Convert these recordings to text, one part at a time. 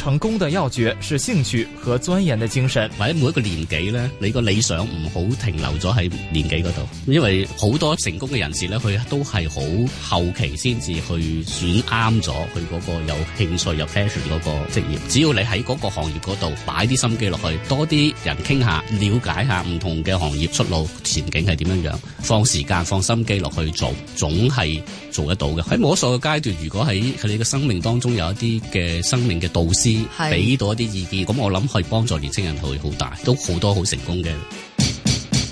成功的要訣是興趣和鑽研的精神。或者每一個年紀咧，你個理想唔好停留咗喺年紀度，因為好多成功嘅人士咧，佢都係好後期先至去選啱咗佢個有興趣、有 passion 嗰個職業。只要你喺個行業度擺啲心機落去，多啲人傾下，了解下唔同嘅行業出路前景係點樣樣，放時間、放心機落去做，總係做得到嘅。喺摸索嘅階段，如果喺佢哋嘅生命當中有一啲嘅生命嘅導師。俾多一啲意見，咁我諗可以幫助年輕人去好大，都好多好成功嘅。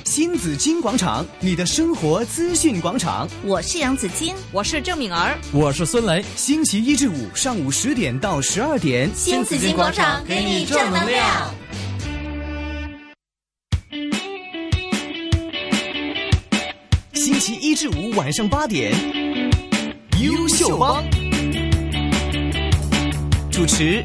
星子金廣場，你的生活資訊廣場，我是楊子晶，我是鄭敏兒，我是孫雷。星期一至五上午十點到十二點，星子金廣場給你正能量。星期一至五晚上八點，優秀幫主持。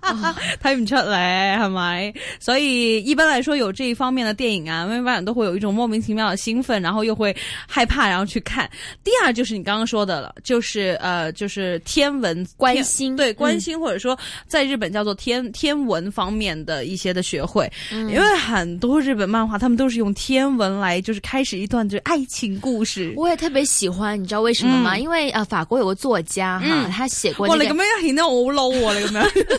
哈，猜唔出咧，係咪？所以一般來說，有這一方面的電影啊，我們都會有一種莫名其妙的興奮，然後又會害怕，然後去看。第二就是你剛剛說的了，就是呃，就是天文觀星，對觀星，嗯、或者說在日本叫做天天文方面的一些的學會，嗯、因為很多日本漫畫他們都是用天文來就是開始一段就是愛情故事。我也特別喜歡，你知道為什麼嗎？嗯、因為呃，法國有個作家哈，嗯、他寫過、那個。哇，你咁樣顯得我好 low 你咁樣。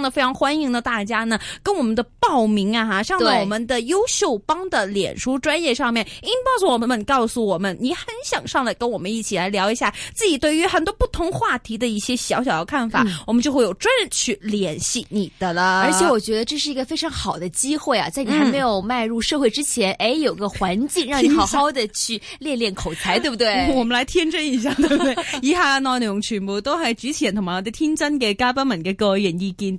那非常歡迎呢！大家呢跟我們的報名啊，哈，上了我們的優秀幫的臉書專業上面對，Inbox 我們告訴我們，你很想上來跟我們一起來聊一下自己對於很多不同話題的一些小小的看法，嗯、我們就會有專人去聯繫你的了。而且我覺得這是一個非常好的機會啊，在你還沒有邁入社會之前，嗯、哎，有個環境讓你好好的去練練口才，天上 對不對？ 我們來天真一下，對不對？ 以下內容全部都係主持人同埋我哋天真嘅嘉賓們嘅個人意見。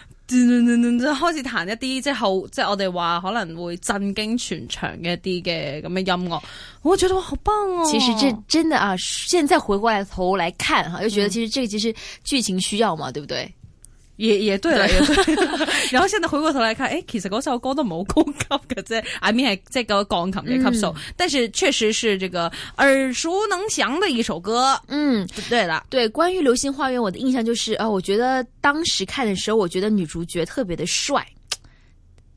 開始彈一啲，即係後，即係我哋話可能會震驚全場嘅一啲嘅咁嘅音樂，我覺得好棒哦！其實真真的啊，現在回過來頭來看哈，又覺得其實即係劇情需要嘛，對不對？也也對了，對也對了 然後現在回過頭來看，誒、哎，其實嗰首歌都冇高級嘅啫，I mean 係即係個鋼琴嘅級數，是 但是確實是這個耳熟能詳的一首歌，嗯，對了，對，關於《流星花園》，我的印象就是，啊、哦，我覺得當時看的時候，我覺得女主角特別的帥。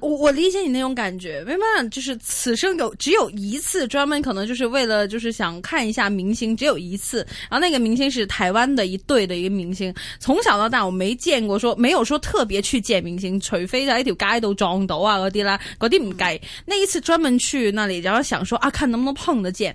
我我理解你那種感覺，沒辦法，就是此生有只有一次，專門可能就是為了就是想看一下明星，只有一次。然後那個明星是台灣的一隊的一個明星，從小到大我沒見過說，說沒有說特別去見明星，除非在一條街都撞到啊，嗰啲啦，嗰啲唔該。那一次專門去那裏，然後想說啊，看能不能碰得見。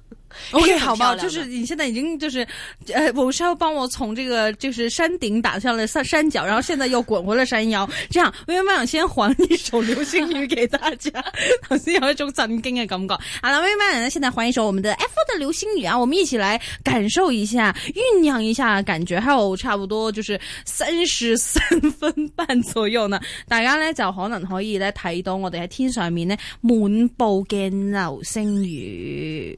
OK，、oh, Hey, 好吧，就是你現在已經就是，呃、哎，我是要幫我從這個就是山頂打下了山山腳，然後現在又滾回了山腰，這樣。We Man 想先還一首流星雨給大家，頭先 有一種震驚的感覺。 好了，We Man，那現在還一首我們的 F 的流星雨啊，我們一起來感受一下，醞釀一下感覺，還有差不多就是三十三分半左右呢。大家呢就可能可以呢，睇到我哋喺天上面呢滿布嘅流星雨。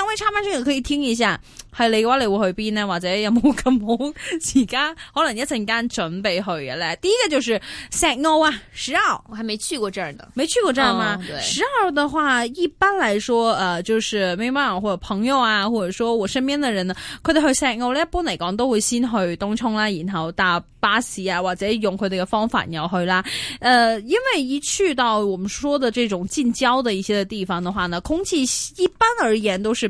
兩位參觀者可以聽一下，係你嘅話，你會去邊呢？或者有冇咁好時間？可能一陣間準備去嘅咧。第一個就是石澳啊，石澳我還沒去過這兒呢，沒去過這兒嗎？石、oh, 對石澳的話，一般來說，誒、呃，就是媽媽或者朋友啊，或者說我身邊的人，佢哋去石澳咧，一般嚟講都會先去東涌啦，然後搭巴士啊，或者用佢哋嘅方法入去啦。誒、呃，因為一去到我們說的這種近郊的一些地方的話呢，空氣一般而言都是。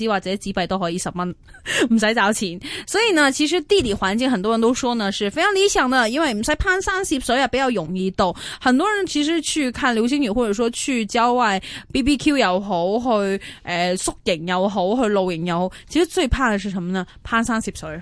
或者紙幣都可以十蚊，唔 使找錢。所以呢，其實地理環境很多人都說呢，是非常理想的，因為唔使攀山涉水啊，比較容易到。很多人其實去看流星雨，或者說去郊外 BBQ 又好，去誒宿營又好，去露營又好，其實最怕的是什麼呢？攀山涉水。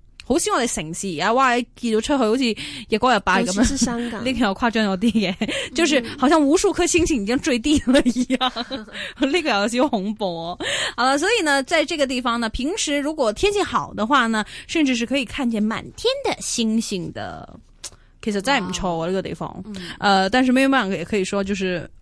好似我哋城市啊，哇！見到出去好似日光日白咁樣，呢個有誇張有啲嘢，就是好像無數顆星星已經墜地了一樣，呢個又是紅博啊，所以呢，在這個地方呢，平時如果天氣好的話呢，甚至是可以看見滿天的星星的。其實真唔錯啊，呢個地方。呃，但是 maybe 也可以說，就是。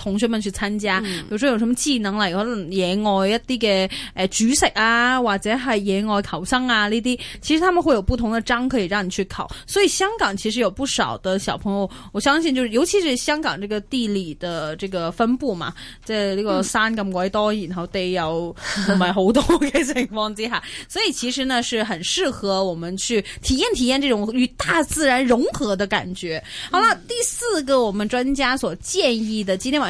同學們去參加，比如說有什麼技能嚟？可能野外一啲嘅誒煮食啊，或者係野外求生啊呢啲，其實他們會有不同的章可以讓你去考。所以香港其實有不少的小朋友，我相信就是，尤其是香港這個地理的這個分布嘛，即係呢個山咁鬼多，然後地又唔係好多嘅情況之下，所以其實呢是很適合我們去體驗體驗這種與大自然融合的感覺。好啦，第四個我們專家所建議的，今天晚。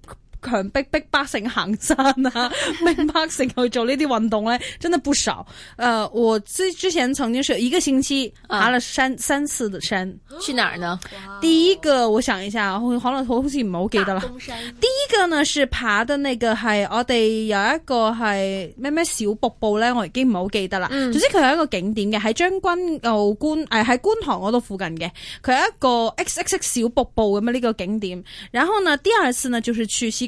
強逼逼百姓行山啊，逼百姓去做呢啲運動咧，真係不少。誒、 啊，我之前曾經是一個星期爬了三三次的山，去哪呢？哇第一個我想一下，可能好似唔係好記得。喇第一個呢是爬的那個係我哋有一個係咩咩小瀑布咧，我已經唔好記得啦。總之佢有一個景點嘅，喺將軍澳觀誒喺觀塘嗰度附近嘅，佢有一個 X X, X 小瀑布咁樣呢個景點。然後呢，第二次呢就是去西。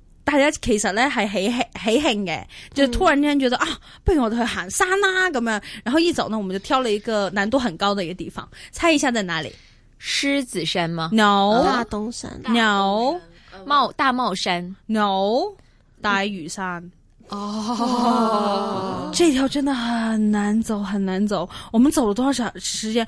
大家其實呢，係喜喜慶嘅，就是、突然間覺得、嗯、啊，不如我哋去行山啦、啊、咁樣。然後一走呢，我們就挑了一個難度很高的一個地方，猜一下在哪裡？獅子山嗎？No、哦、大東山。No，大帽山。No，大嶼山。哦，No，嗯、這條真的很難走，很難走。我們走了多少時間？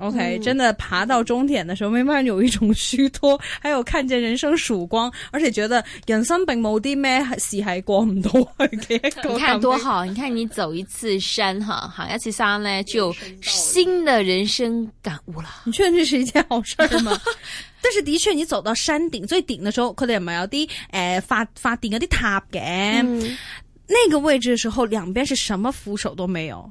OK，嗯、真的爬到終點的時候，慢慢有一種虛脫，還有看見人生曙光，而且覺得人生並冇啲咩事係過唔到去嘅。 你看多好， 你看你走一次山哈，好，一次山呢，就有新的人生感悟啦。你確定這是一件好事兒嗎？ 但是的確，你走到山頂最頂的時候，佢哋係咪有啲誒、欸、發發電有啲塔嘅？嗯、那個位置的時候，兩邊是什麼扶手都沒有。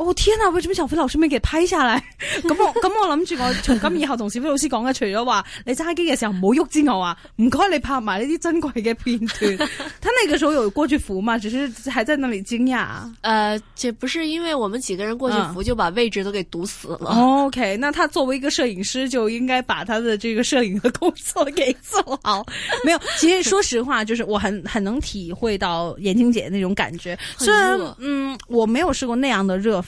哦，天啊！為什麼小飛老師沒給拍下來？ 我我諗住我從今以後同小飛老師講嘅，除咗話 你揸機嘅時候唔好喐之外，唔該你拍埋啲珍貴嘅片段 他那個時候有過去扶嘛？只是還在那裏驚訝。呃，這不是因為我們幾個人過去扶、嗯，就把位置都給堵死了。哦、OK，那他作為一個攝影師，就應該把他的這個攝影的工作給做好。 沒有，其實說實話，就是我很很能體會到顏晴姐那種感覺。雖然，嗯，我沒有試過那樣的熱。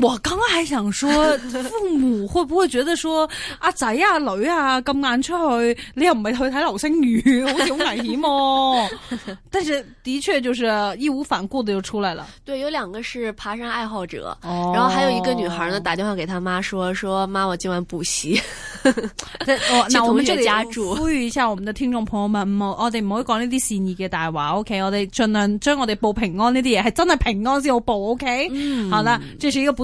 我剛剛還想說，父母會不會覺得說阿仔阿女啊咁晏出去，你又唔係去睇流星雨，好似好危險喎，啊？ 但是的確就是義無反顧的就出來了。對，有兩個是爬山愛好者，哦、然後還有一個女孩呢，打電話給她媽說：，說媽，我今晚補習，家那我們這住，呼籲一下我們的聽眾朋友們，我哋唔可以講呢啲善意嘅大話，O K，我哋盡量將我哋報平安呢啲嘢，係真係平安先，okay? 嗯、好報，O K，好啦，最主要補。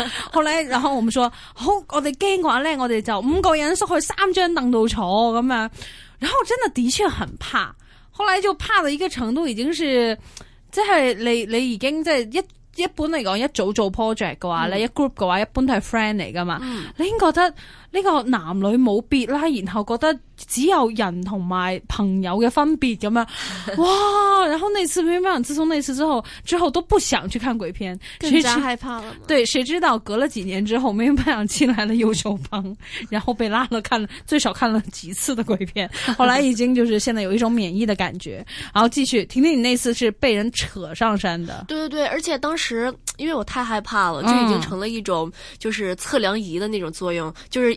後來， 然後我們說好，我哋驚嘅話咧，我哋就五個人縮去三張凳度坐咁樣。然後真的的確很怕，後來就怕到一個程度，已經是即係、就是、你你已經即係、就是、一一般嚟講，一早做 project 嘅話咧，一,的、嗯、一 group 嘅話一般都係 friend 嚟噶嘛，嗯、你已經覺得？那個男女冇別啦，然後覺得只有人同埋朋友嘅分別咁樣， 哇！然後那次明明咩人自從那次之後，之後都不想去看鬼片，更加害怕了。對，誰知道隔了幾年之後，明明突然進來了右手幫， 然後被拉了看最少看了幾次的鬼片，後來已經就是現在有一種免疫的感覺。 然後繼續，婷婷你那次是被人扯上山的，對對對，而且當時因為我太害怕了，就已經成了一種、嗯、就是測量儀的那種作用，就是。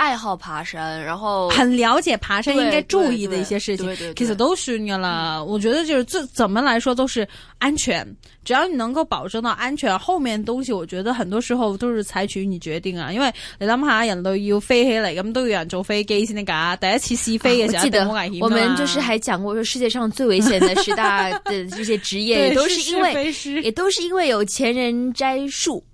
愛好爬山，然後很了解爬山應該注意的一些事情，其實都是你了。嗯、我覺得就是這怎麼來說都是安全，只要你能夠保證到安全，後面東西我覺得很多時候都是採取你決定啊。因為你當爬山人都要飛起來，咁都有人就飛，一些啲噶，大家齊齊飛嘅。我記得我們就是還講過說世界上最危險的十大的這些職業，也都是因為 是是是也都是因為有錢人栽樹。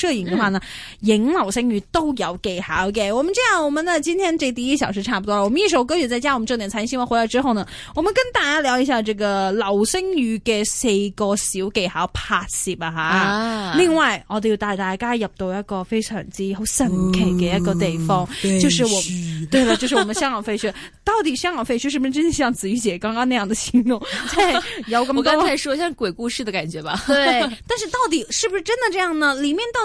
攝影的話呢，影流星雨都有技巧嘅。Okay? 我們這樣，我們呢，今天這第一小時差不多啦。我們一首歌曲再加我們重點財經新聞回來之後呢，我們跟大家聊一下這個流星雨嘅四個小技巧拍攝啊吓。另外，我哋要帶大家入到一個非常之好神奇嘅一個地方，嗯、就是我，對啦是，就是我們香港廢墟。 到底香港廢墟是不是真係像子瑜姐剛剛那樣的形容？ 有我剛才說像鬼故事的感覺吧。對，但是到底是不是真的這樣呢？裏面到。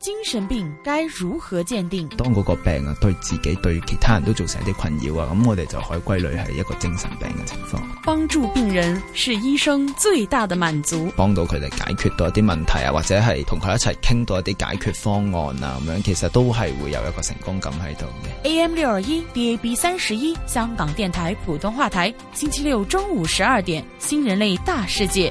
精神病該如何鑑定？當嗰個病啊，對自己對其他人都造成一啲困擾啊，咁我哋就可以歸類係一個精神病嘅情況。幫助病人是醫生最大嘅滿足。幫到佢哋解決到一啲問題啊，或者係同佢一齊傾到一啲解決方案啊，咁樣其實都係會有一個成功感喺度嘅。AM 六二一，DAB 三十一，香港電台普通話台，星期六中午十二點，新人類大世界。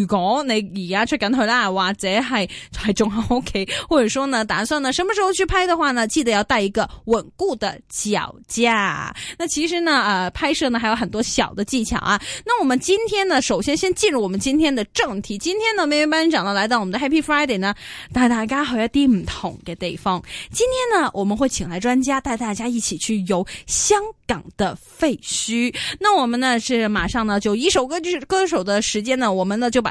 如果你而家出緊去啦，或者係係仲喺屋企，或者說呢打算呢什麼時候去拍的話呢，記得要帶一個穩固的腳架。那其實呢，呃拍攝呢還有很多小的技巧啊。那我們今天呢，首先先進入我們今天的正題。今天呢，梅雲班長呢來到我們的 Happy Friday 呢，帶大家去一啲唔同嘅地方。今天呢，我們會請來專家帶大家一起去遊香港的廢墟。那我們呢，是馬上呢就一首歌就是歌手的時間呢，我們呢就把。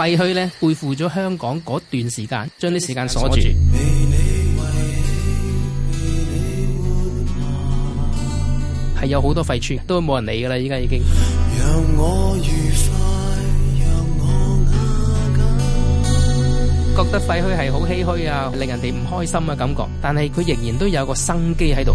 廢墟咧，背負咗香港嗰段時間，將啲時間鎖住，係有好多廢墟，都冇人理噶啦。依家已經，覺得廢墟係好唏噓啊，令人哋唔開心嘅感覺。但係佢仍然都有個生機喺度。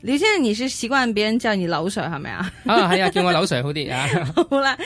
劉先生你是習慣別人叫你而劉 Sir 係咪啊？啊係啊，叫我劉 Sir 好啲啊。好啦，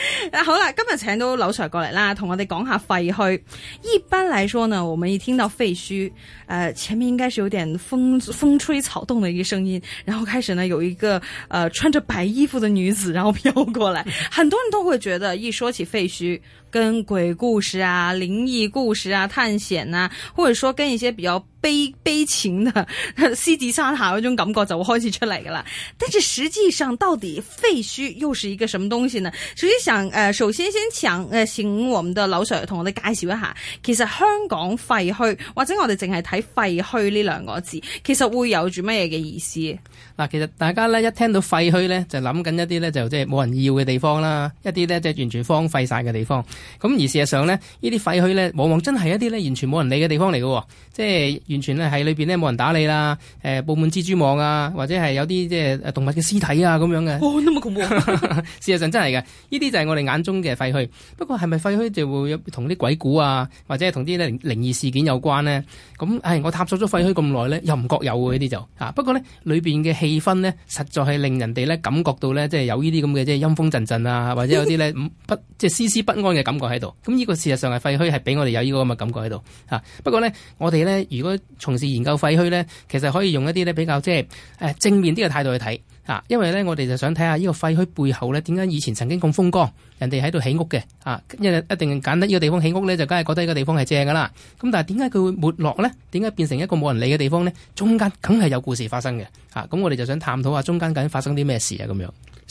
好啦，今日請到劉 Sir 過嚟啦，同我哋講下廢墟。一般來說呢，我們一聽到廢墟，誒、呃，前面應該是有點風風吹草動的一個聲音，然後開始呢有一個誒、呃、穿着白衣服的女子然後飄過來，很多人都會覺得一說起廢墟，跟鬼故事啊、靈異故事啊、探險啊，或者說跟一些比較悲悲情的獅子山下嗰種感覺就會開始出嚟噶啦。但是實際上到底廢墟又是一個什麼東西呢？所以想，誒、呃，首先先請，誒、呃，請我們的劉 Sir 同我哋介紹一下，其實香港廢墟或者我哋淨係睇廢墟呢兩個字，其實會有住乜嘢嘅意思？嗱，其實大家咧一聽到廢墟咧，就諗緊一啲咧就即係冇人要嘅地方啦，一啲咧即係完全荒廢晒嘅地方。咁而事實上呢，呢啲廢墟呢，往往真係一啲呢完全冇人理嘅地方嚟嘅，即係完全呢喺裏邊呢冇人打理啦，誒、呃、布滿蜘蛛網啊，或者係有啲即係動物嘅屍體啊咁樣嘅。事實上真係嘅，呢啲就係我哋眼中嘅廢墟。不過係咪廢墟就會同啲鬼故啊，或者同啲呢靈異事件有關呢？咁、嗯哎、我探索咗廢墟咁耐呢，又唔覺有喎呢啲就。不過呢，裏邊嘅氣氛呢，實在係令人哋呢感覺到呢，即係有呢啲咁嘅即係陰風陣陣啊，或者有啲呢， 不即係絲絲不安嘅感覺。感覺喺度，咁呢個事實上係廢墟，係俾我哋有呢個咁嘅感覺喺度。吓，不過呢，我哋呢，如果從事研究廢墟呢，其實可以用一啲呢比較即係誒正面啲嘅態度去睇。吓，因為呢，我哋就想睇下呢個廢墟背後呢點解以前曾經咁風光，人哋喺度起屋嘅。啊，因為一定揀得呢個地方起屋呢就梗係覺得呢個地方係正㗎啦。咁但係點解佢會沒落呢？點解變成一個冇人理嘅地方呢？中間梗係有故事發生嘅。吓、啊，咁我哋就想探討下中間究竟發生啲咩事啊？咁樣。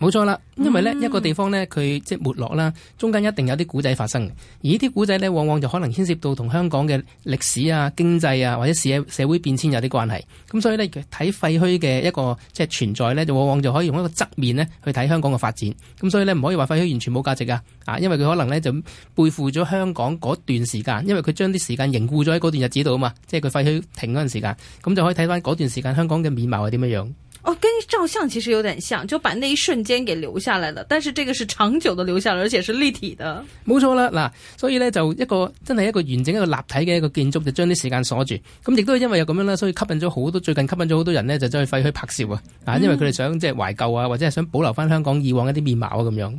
冇錯啦，因為呢一個地方呢，佢即係沒落啦，中間一定有啲古仔發生。而呢啲古仔呢，往往就可能牽涉到同香港嘅歷史啊、經濟啊，或者社社會變遷有啲關係。咁所以呢，睇廢墟嘅一個即係存在呢，就往往就可以用一個側面呢去睇香港嘅發展。咁所以呢，唔可以話廢墟完全冇價值啊！啊，因為佢可能呢就背負咗香港嗰段時間，因為佢將啲時間凝固咗喺嗰段日子度啊嘛，即係佢廢墟停嗰陣時間，咁就可以睇翻嗰段時間香港嘅面貌係點樣樣。哦，跟照相其實有點像，就把那一瞬間給留下來了。但是這個是長久都留下來，而且是立體的。冇錯啦，嗱，所以呢就一個真係一個完整一個立體嘅一個建築，就將啲時間鎖住。咁亦都係因為有咁樣啦，所以吸引咗好多最近吸引咗好多人呢，就走去廢墟拍攝啊。啊，因為佢哋想、嗯、即係懷舊啊，或者係想保留翻香港以往一啲面貌啊，咁樣。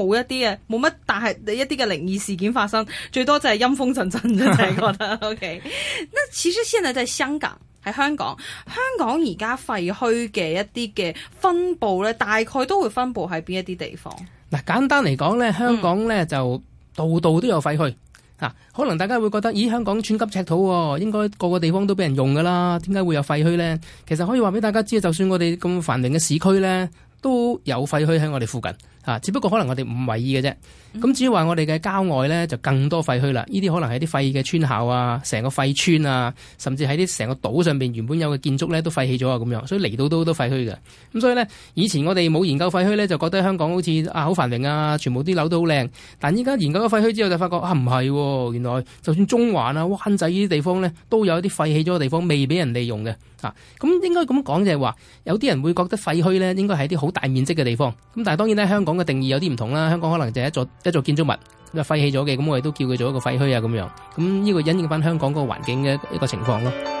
冇一啲啊，冇乜，但係一啲嘅靈異事件發生，最多就係陰風陣陣啫。覺得 OK，那其實現在就係香港喺香港，香港而家廢墟嘅一啲嘅分布咧，大概都會分布喺邊一啲地方嗱。簡單嚟講咧，香港咧就度度都有廢墟啊。嗯、可能大家會覺得，咦，香港寸金尺土，應該個個地方都俾人用噶啦，點解會有廢墟咧？其實可以話俾大家知，就算我哋咁繁榮嘅市區咧，都有廢墟喺我哋附近。啊，只不過可能我哋唔為意嘅啫、嗯。咁至於話我哋嘅郊外呢，就更多廢墟啦。呢啲可能係啲廢嘅村校啊，成個廢村啊，甚至喺啲成個島上邊原本有嘅建築呢，都廢棄咗啊，咁樣。所以嚟到都都廢墟嘅。咁所以呢，以前我哋冇研究廢墟呢，就覺得香港好似啊好繁榮啊，全部啲樓都好靚。但係依家研究咗廢墟之後，就發覺啊唔係喎，原來就算中環啊、灣仔呢啲地方呢，都有啲廢棄咗嘅地方未俾人利用嘅。啊，咁、嗯、應該咁講就係話，有啲人會覺得廢墟呢應該係啲好大面積嘅地方。咁但係當然呢，香港，講嘅定義有啲唔同啦，香港可能就係一座一座建築物咁啊，廢棄咗嘅，咁我哋都叫佢做一個廢墟啊咁樣，咁呢個反映翻香港嗰個環境嘅一個情況咯。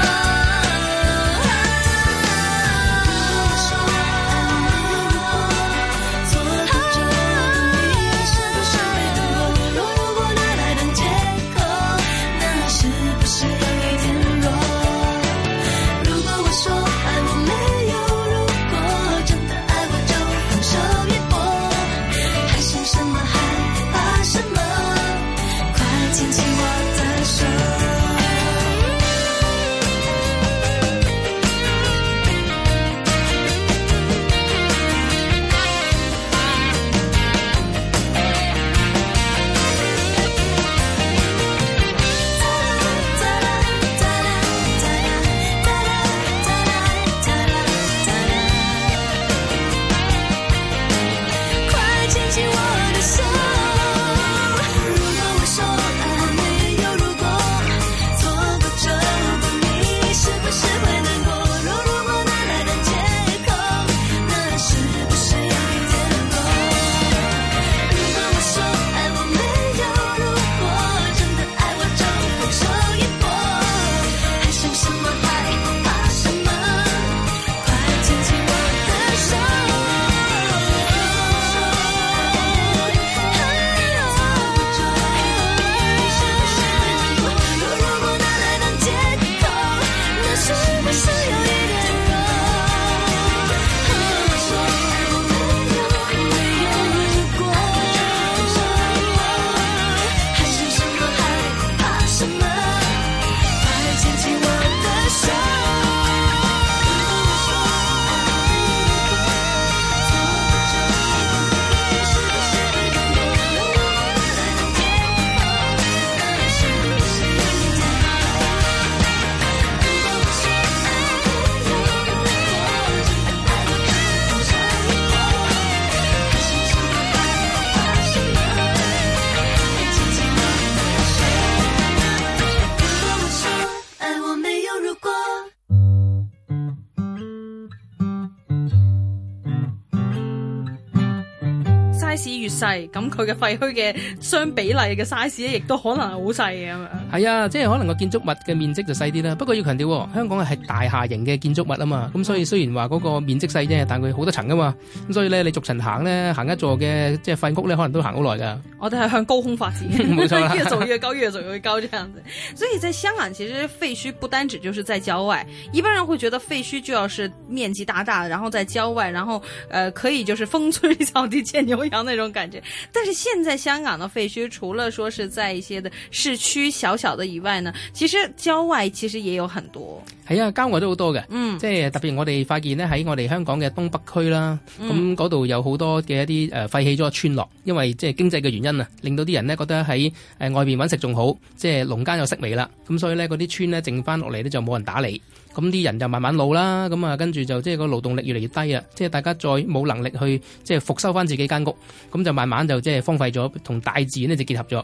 係咁佢嘅廢墟嘅相比例嘅 size 咧，亦都可能係好細嘅咁樣。係啊，即係可能個建築物嘅面積就細啲啦。不過要強調，哦，香港係大廈型嘅建築物啊嘛，咁所以雖然話嗰個面積細啫，但佢好多層噶嘛。咁所以呢，你逐層行呢，行一座嘅即係廢屋呢，可能都行好耐噶。我哋係向高空發展，冇錯 錯啦 越做越高，越做越高這樣子，所以在香港，其實廢墟不單止就是在郊外。一般人會覺得廢墟就要是面積大大，然後在郊外，然後呃可以就是風吹草低，見牛羊那種感覺。但是現在香港嘅廢墟，除了說是在一些的市區小。小的以外呢，其實郊外其實也有很多。係啊，郊外都好多嘅。嗯，即係特別我哋發現呢，喺我哋香港嘅東北區啦，咁嗰度有好多嘅一啲誒廢棄咗嘅村落，因為即係經濟嘅原因啊，令到啲人呢覺得喺誒外邊揾食仲好，即係農耕又式微啦，咁所以呢，嗰啲村呢，剩翻落嚟，呢就冇人打理，咁啲人就慢慢老啦，咁啊跟住就即係個勞動力越嚟越低啊，即係大家再冇能力去即係復修翻自己間屋，咁就慢慢就即係荒廢咗，同大自然呢，就結合咗。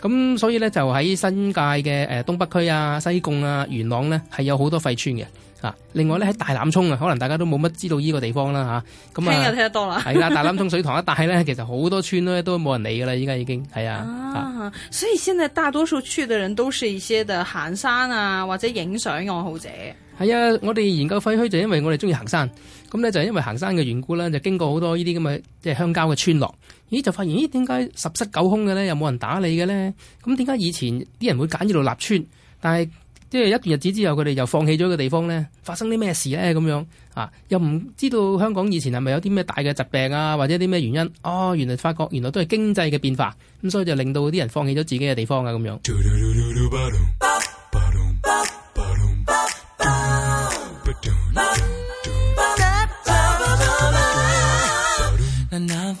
咁所以咧就喺新界嘅誒、呃、東北區啊、西貢啊、元朗咧係有好多廢村嘅啊。另外咧喺大欖涌啊，可能大家都冇乜知道依個地方啦嚇。咁啊，啊聽又聽得多啦。係 啦，大欖涌水塘一帶咧，其實好多村咧都冇人嚟噶啦，依家已經係啊。啊所以現在大多數去嘅人都是一些嘅行山啊或者影相愛好者。係啊，我哋研究廢墟就因為我哋中意行山。咁呢，就因為行山嘅緣故啦，就經過好多呢啲咁嘅即係鄉郊嘅村落，咦就發現咦點解十室九空嘅呢？又冇人打理嘅呢？咁點解以前啲人會揀呢度立村，但係即係一段日子之後佢哋又放棄咗個地方呢？發生啲咩事呢？咁樣啊？又唔知道香港以前係咪有啲咩大嘅疾病啊，或者啲咩原因？哦，原來發覺原來都係經濟嘅變化，咁所以就令到啲人放棄咗自己嘅地方啊咁樣。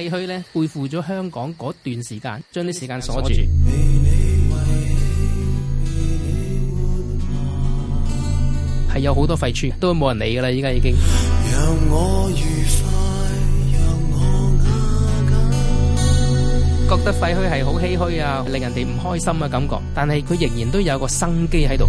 廢墟咧，背負咗香港嗰段時間，將啲時間鎖住，係有好多廢村，都冇人理㗎啦，依家已經。讓我愉快，讓我壓緊，覺得廢墟係好唏噓啊，令人哋唔開心嘅感覺，但係佢仍然都有個生機喺度。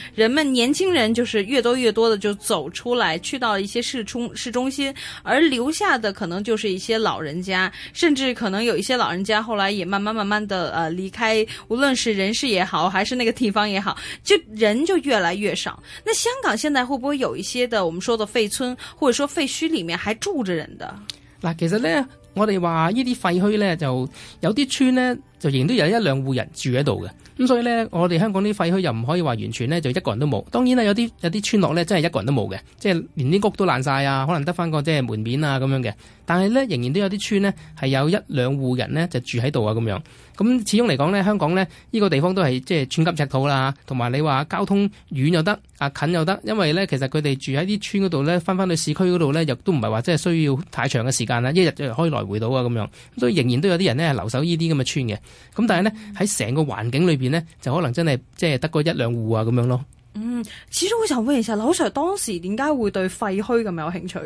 人們年輕人就是越多越多的就走出來，去到一些市中市中心，而留下的可能就是一些老人家，甚至可能有一些老人家後來也慢慢慢慢的呃離開，無論是人世也好，還是那個地方也好，就人就越來越少。那香港現在會不會有一些的我們說的廢村或者說廢墟裏面還住着人的？那其實呢，我哋話呢啲廢墟呢，就有啲村呢。就仍然都有一兩戶人住喺度嘅，咁所以呢，我哋香港啲廢墟又唔可以話完全呢，就一個人都冇。當然啦，有啲有啲村落呢，真係一個人都冇嘅，即係連啲屋都爛晒啊，可能得翻個即係門面啊咁樣嘅。但係呢，仍然都有啲村呢，係有一兩戶人呢，就住喺度啊咁樣。咁始終嚟講呢，香港呢，呢、呢個地方都係即係寸金尺土啦，同埋你話交通遠又得啊近又得，因為呢，其實佢哋住喺啲村嗰度呢，翻翻去市區嗰度呢，亦都唔係話即係需要太長嘅時間啦，一日就可以來回到啊咁樣。所以仍然都有啲人呢，係留守呢啲咁嘅村嘅。咁但係咧，喺成個環境裏邊咧就可能真係即係得嗰一兩戶啊咁樣咯。嗯，始終好就會其實劉 sir 當時點解會對廢墟咁有興趣？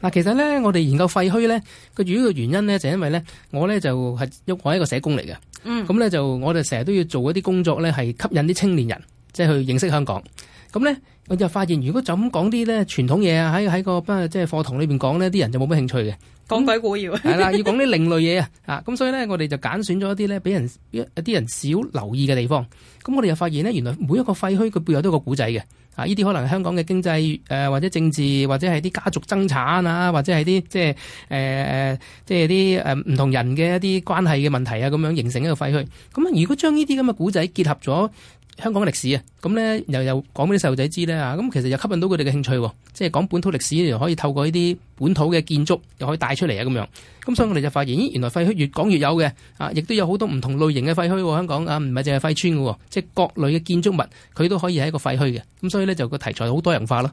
嗱，其實咧我哋研究廢墟咧個主要嘅原因咧就因為咧我咧，就係喐我係一個社工嚟嘅，嗯，咁咧就我哋成日都要做一啲工作咧係吸引啲青年人即係、就是、去認識香港。咁咧我就發現如果就咁講啲咧傳統嘢啊喺喺個不即係課堂裏邊講呢，啲人就冇咩興趣嘅。.講那鬼故要係啦，要講啲另類嘢啊！啊，咁所以咧，我哋就揀選咗一啲咧，俾人一啲人少留意嘅地方。咁我哋又發現咧，原來每一個廢墟佢背後都有個古仔嘅啊！呢啲可能香港嘅經濟誒、呃，或者政治，或者係啲家族爭產啊，或者係啲即係誒誒，即係啲誒唔同人嘅一啲關係嘅問題啊，咁樣形成一個廢墟。咁啊，如果將呢啲咁嘅古仔結合咗，香港嘅歷史啊，咁咧又又講俾啲細路仔知咧啊，咁其實又吸引到佢哋嘅興趣喎。即係講本土歷史，又可以透過呢啲本土嘅建築，又可以帶出嚟啊咁樣。咁所以我哋就發現，咦，原來廢墟越講越有嘅啊！亦都有好多唔同類型嘅廢墟喎，香港啊，唔係淨係廢村嘅，即係各類嘅建築物，佢都可以係一個廢墟嘅。咁所以咧，就個題材好多元化咯。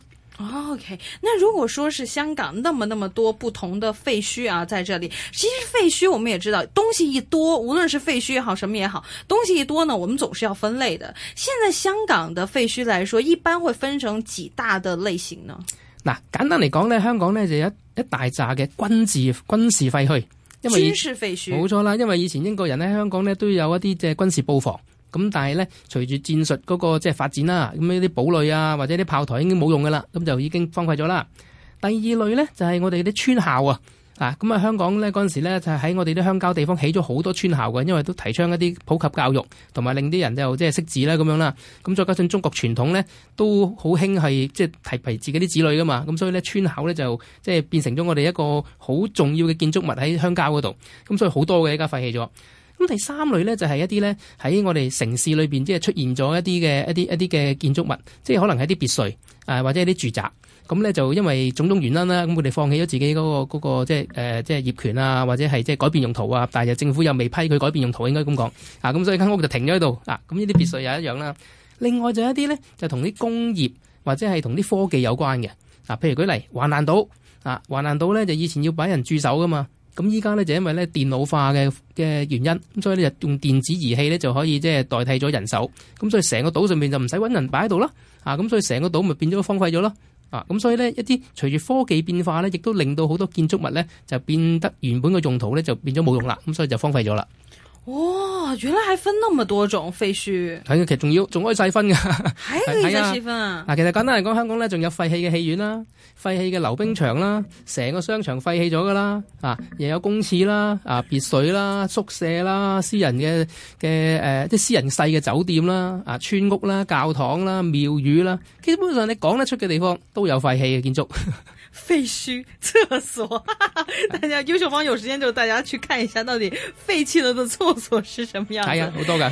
OK，那如果說是香港那麼那麼多不同的廢墟啊，在這裏，其實廢墟我們也知道，東西一多，無論是廢墟也好，什麼也好，東西一多呢，我們總是要分類的。現在香港的廢墟來說，一般會分成幾大的類型呢？嗱，簡單嚟講呢，香港呢就有一一大扎嘅軍事軍事廢墟，因為軍事廢墟冇錯啦，因為以前英國人呢，香港呢都有一啲即係軍事布防。咁但係咧，隨住戰術嗰個即係發展啦，咁呢啲堡壘啊，或者啲炮台已經冇用㗎啦，咁就已經荒廢咗啦。第二類咧，就係我哋啲村校啊，咁啊香港咧嗰陣時咧，就喺我哋啲鄉郊地方起咗好多村校嘅，因為都提倡一啲普及教育，同埋令啲人就即係識字啦咁樣啦。咁再加上中國傳統咧，都好興係即係提培自己啲子女噶嘛，咁所以咧村校咧就即係變成咗我哋一個好重要嘅建築物喺鄉郊嗰度，咁所以好多嘅而家廢棄咗。咁第三類咧就係一啲咧喺我哋城市裏邊，即係出現咗一啲嘅一啲一啲嘅建築物，即係可能係啲別墅啊，或者係啲住宅。咁咧就因為種種原因啦，咁佢哋放棄咗自己嗰個嗰個即係誒即係業權啊，或者係即係改變用途啊。但係政府又未批佢改變用途，應該咁講啊。咁所以間屋就停咗喺度啊。咁呢啲別墅又一樣啦。另外就一啲咧就同啲工業或者係同啲科技有關嘅啊。譬如舉例，華蘭島啊，華蘭島咧就以前要擺人駐守噶嘛。咁依家咧就因為咧電腦化嘅嘅原因，咁所以咧就用電子儀器咧就可以即係代替咗人手，咁所以成個島上面就唔使揾人擺喺度啦，啊咁所以個島成個島咪變咗荒廢咗咯，啊咁所以咧一啲隨住科技變化咧，亦都令到好多建築物咧就變得原本嘅用途咧就變咗冇用啦，咁所以就荒廢咗啦。哇、哦，原來係分那麼多種廢墟，係啊，其實仲要仲可以細分噶，還可以細分啊。嗱，其實簡單嚟講，香港咧仲有廢棄嘅戲院啦。廢棄嘅溜冰場啦，成個商場廢棄咗噶啦，啊，又有公廁啦，啊，別墅啦，宿舍啦，私人嘅嘅誒，即係、呃、私人細嘅酒店啦，啊，村屋啦，教堂啦，廟宇啦，基本上你講得出嘅地方都有廢棄嘅建築，廢墟廁所，哈哈 大家優、啊、秀方有時間就大家去看一下到底廢棄咗嘅廁所是什麼樣的，係啊、哎，好多㗎。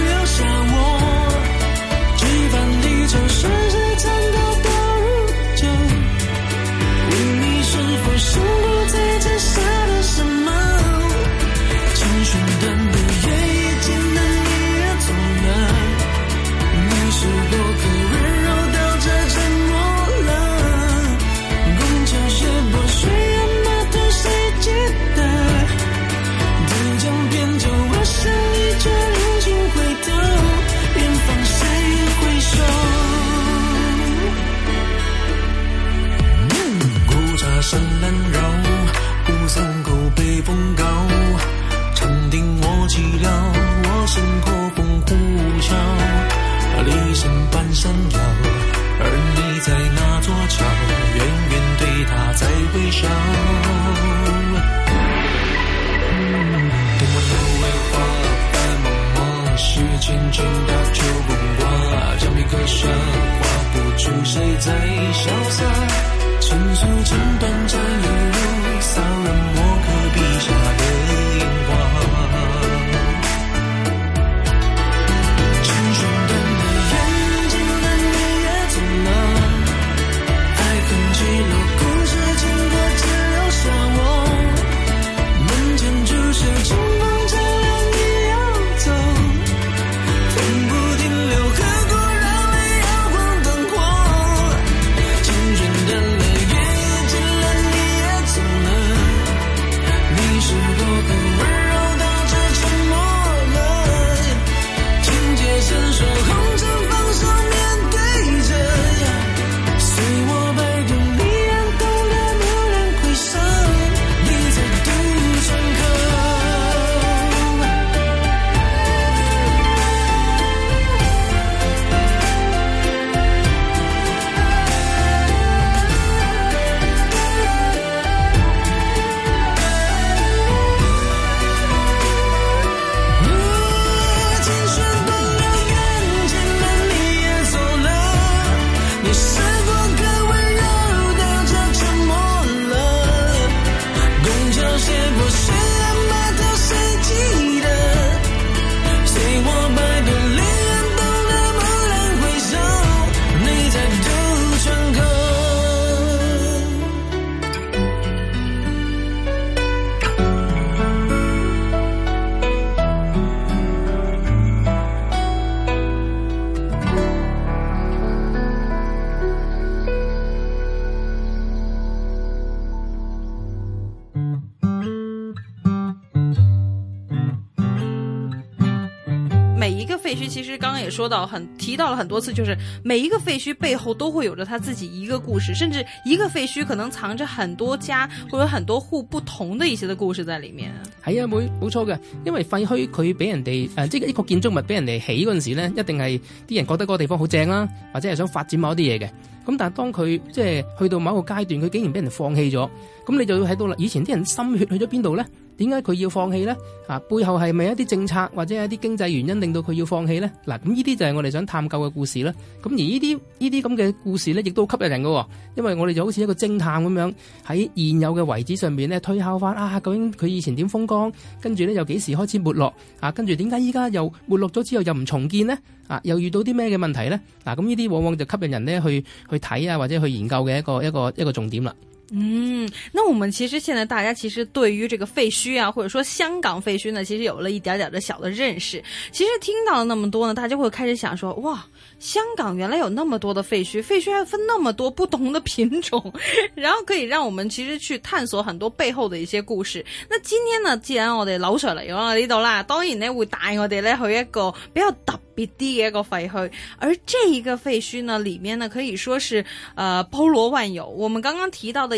到很提到了很多次，就是每一個廢墟背後都會有着他自己一個故事，甚至一個廢墟可能藏着很多家，或者很多戶不同的一些的故事在裏面。係啊，冇冇錯嘅，因為廢墟佢俾人哋誒，即係，呃，就是一個建築物俾人哋起嗰陣時咧，一定係啲人覺得嗰個地方好正啦，或者係想發展某啲嘢嘅。咁但係當佢即係去到某個階段，佢竟然俾人放棄咗，咁你就會睇到啦。以前啲人的心血去咗邊度咧？點解佢要放棄呢？啊，背後係咪一啲政策或者係一啲經濟原因令到佢要放棄呢？嗱，咁呢啲就係我哋想探究嘅故事啦。咁而呢啲呢啲咁嘅故事呢，亦都吸引人噶。因為我哋就好似一個偵探咁樣喺現有嘅遺址上面呢推敲翻，啊，究竟佢以前點風光？跟住呢又幾時開始沒落？啊，跟住點解依家又沒落咗之後又唔重建呢？啊，又遇到啲咩嘅問題呢？嗱，咁呢啲往往就吸引人呢去去睇啊，或者去研究嘅一個一個一個重點啦。嗯，那我們其實現在大家其實對於這個廢墟啊，或者說香港廢墟呢，其實有了一點點的小的認識。其實聽到了那麼多呢，大家就會開始想說：哇，香港原來有那麼多的廢墟，廢墟還分那麼多不同的品種， 然後可以讓我們其實去探索很多背後的一些故事。那今天呢，既然我哋老了嚟講到呢度啦，當然呢會帶我哋呢去一個比較特別啲嘅一個廢墟，而這一個廢墟呢裏面呢可以說是呃包羅萬有。我們剛剛提到的。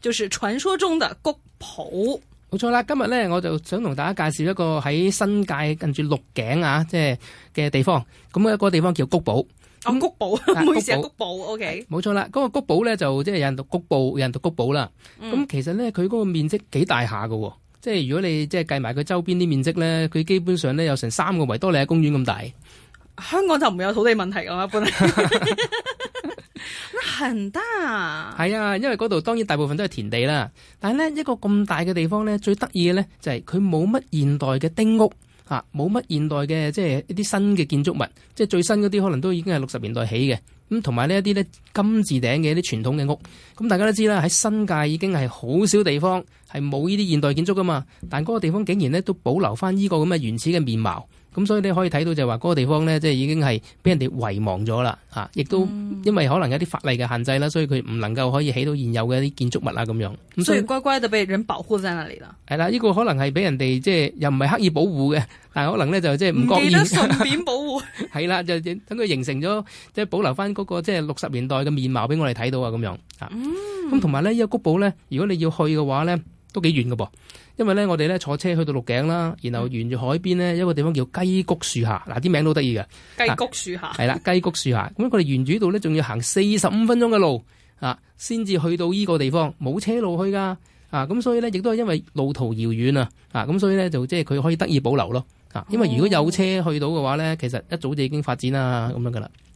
就是傳說中的谷埔，冇錯啦。今日咧，我就想同大家介紹一個喺新界近住鹿頸啊，即係嘅地方。咁一個地方叫谷埔，咁、嗯哦、谷埔，唔好意思啊，谷埔，OK，冇錯啦。嗰、那個谷埔咧就即係有人讀谷埔，有人讀谷埔啦。咁、嗯、其實咧，佢嗰個面積幾大下噶、哦，即係如果你即係計埋佢周邊啲面積咧，佢基本上咧有成三個維多利亞公園咁大。香港就唔會有土地問題啦，一般。那很大，係啊,啊，因為嗰度當然大部分都係田地啦。但係呢一個咁大嘅地方呢，最得意嘅呢就係佢冇乜現代嘅丁屋啊，冇乜現代嘅即係一啲新嘅建築物，即係最新嗰啲可能都已經係六十年代起嘅。咁同埋呢一啲呢金字頂嘅一啲傳統嘅屋，咁、嗯、大家都知啦，喺新界已經係好少地方係冇呢啲現代建築噶嘛。但嗰個地方竟然呢都保留翻呢個咁嘅原始嘅面貌。咁、嗯、所以你可以睇到就係話嗰個地方咧，即係已經係俾人哋遺忘咗啦，吓、啊、亦都因為可能有啲法例嘅限制啦，所以佢唔能夠可以起到現有嘅一啲建築物啊咁樣。嗯、所以乖乖就俾人保護喺那裏啦。係啦，呢、這個可能係俾人哋即係又唔係刻意保護嘅，但係可能咧就即係唔覺意重點保護。係啦，就等佢形成咗，即係保留翻，那、嗰個即係六十年代嘅面貌俾我哋睇到啊咁樣。咁同埋咧，嗯嗯、呢、這個谷堡咧，如果你要去嘅話咧。都幾遠噶噃，因為咧我哋咧坐車去到鹿頸啦，然後沿住海邊呢，有一個地方叫雞谷樹下，嗱啲名都得意噶。雞谷樹下係啦，雞谷樹下，咁佢哋沿住呢度咧，仲要行四十五分鐘嘅路啊，先至去到呢個地方，冇車路去噶啊，咁所以呢，亦都係因為路途遙遠啊，啊咁所以呢，就即係佢可以得以保留咯啊，因為如果有車去到嘅話呢，哦、其實一早就已經發展啦咁樣噶啦。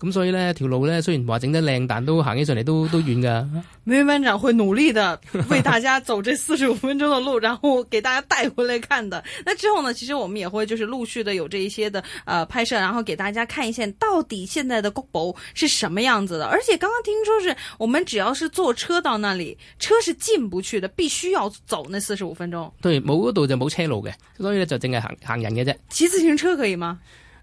咁所以呢條路呢，雖然話整得靚，但都行起上嚟都都遠㗎。明明班長會努力的為大家走這四十五分鐘的路， 然後給大家帶回來看的。那之後呢，其實我們也會就是陸續的有這一些的，呃，拍攝，然後給大家看一下到底現在的國博是什麼樣子的。而且剛剛聽說是我們只要是坐車到那裡，車是進不去的，必須要走那四十五分鐘。對，冇嗰度就冇車路嘅，所以呢，就淨係行行人嘅啫。騎自行車可以嗎？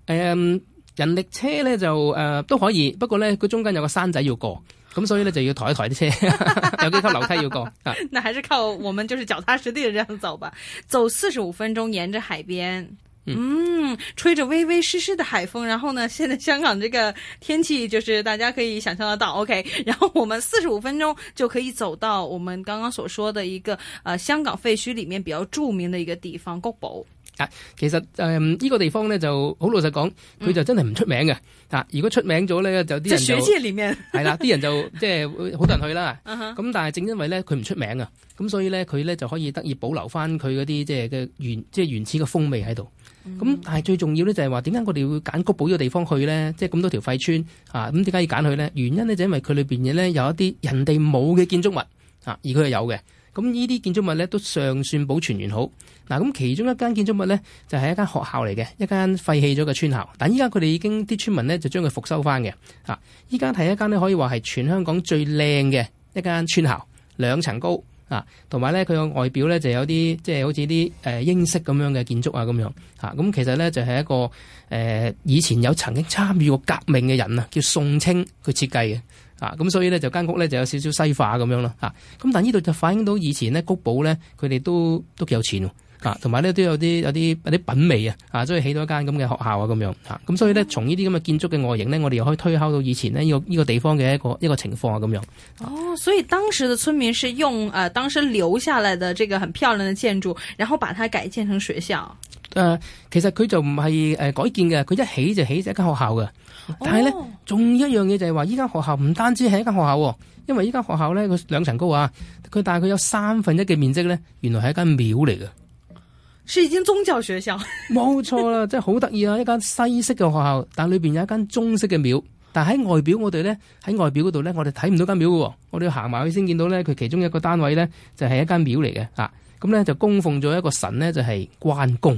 嗯人力車呢，就呃都可以，不過呢，佢中間有個山仔要過，咁所以呢，就要抬一抬啲車， 有幾級樓梯要過。啊、 那還是靠我們就是腳踏實地的這樣走吧，走四十五分鐘，沿着海邊，嗯，吹着微微濕濕的海風，然後呢，現在香港這個天氣就是大家可以想象得到，OK，然後我們四十五分鐘就可以走到我們剛剛所說的一個，呃，香港廢墟裏面比較著名的一個地方——谷埔。啊、其實誒，呢、嗯這個地方咧就好老實講，佢就真係唔出名嘅。嗯、啊，如果出名咗咧，就啲人係就 啦，啲人就即係、就是、好多人去啦。咁、uh huh. 但係正因為咧，佢唔出名啊，咁所以咧，佢咧就可以得以保留翻佢嗰啲即係嘅原即係原始嘅風味喺度。咁、嗯、但係最重要咧就係話，點解我哋會揀谷埔呢個地方去咧？即係咁多條廢村啊，咁點解要揀去咧？原因咧就是、因為佢裏邊嘅咧有一啲人哋冇嘅建築物啊，而佢係有嘅。咁呢啲建築物咧都尚算保存完好。嗱、啊，咁其中一間建築物咧就係、是、一間學校嚟嘅，一間廢棄咗嘅村校。但依家佢哋已經啲村民咧就將佢復修返嘅。啊，依家係一間咧可以話係全香港最靚嘅一間村校，兩層高啊，同埋咧佢個外表咧就有啲即係好似啲誒英式咁樣嘅建築啊，咁咁、啊啊、其實咧就係、是、一個誒、呃、以前有曾經參與過革命嘅人啊，叫宋清佢設計嘅。啊，咁所以呢，就間屋呢就有少少西化咁樣咯，啊，咁但呢度就反映到以前呢，谷堡呢，佢哋都都幾有錢，啊，同埋呢都有啲有啲有啲品味啊，啊，所以起到一間咁嘅學校啊咁樣，啊，咁所以呢，從呢啲咁嘅建築嘅外形呢，我哋又可以推敲到以前呢呢、這個呢、這個地方嘅一個一、這個情況啊咁樣。啊、哦，所以當時嘅村民是用誒、呃、當時留下嚟嘅這個很漂亮嘅建築，然後把它改建成學校。誒、呃，其實佢就唔係誒改建嘅，佢一起就起咗一間學校嘅。但係咧，仲、哦、有一樣嘢就係話，依間學校唔單止係一間學校、哦，因為依間學校咧，佢兩層高啊。佢大概有三分一嘅面積咧，原來係一間廟嚟嘅，是一間宗教學校。冇 錯啦，真係好得意啊！一間西式嘅學校，但裏邊有一間中式嘅廟。但喺外表，我呢外表呢，我哋咧喺外表嗰度咧，我哋睇唔到間廟嘅。我哋要行埋去先見到咧，佢其中一個單位咧就係、是、一間廟嚟嘅。吓咁咧就供奉咗一個神咧，就係、是、關公。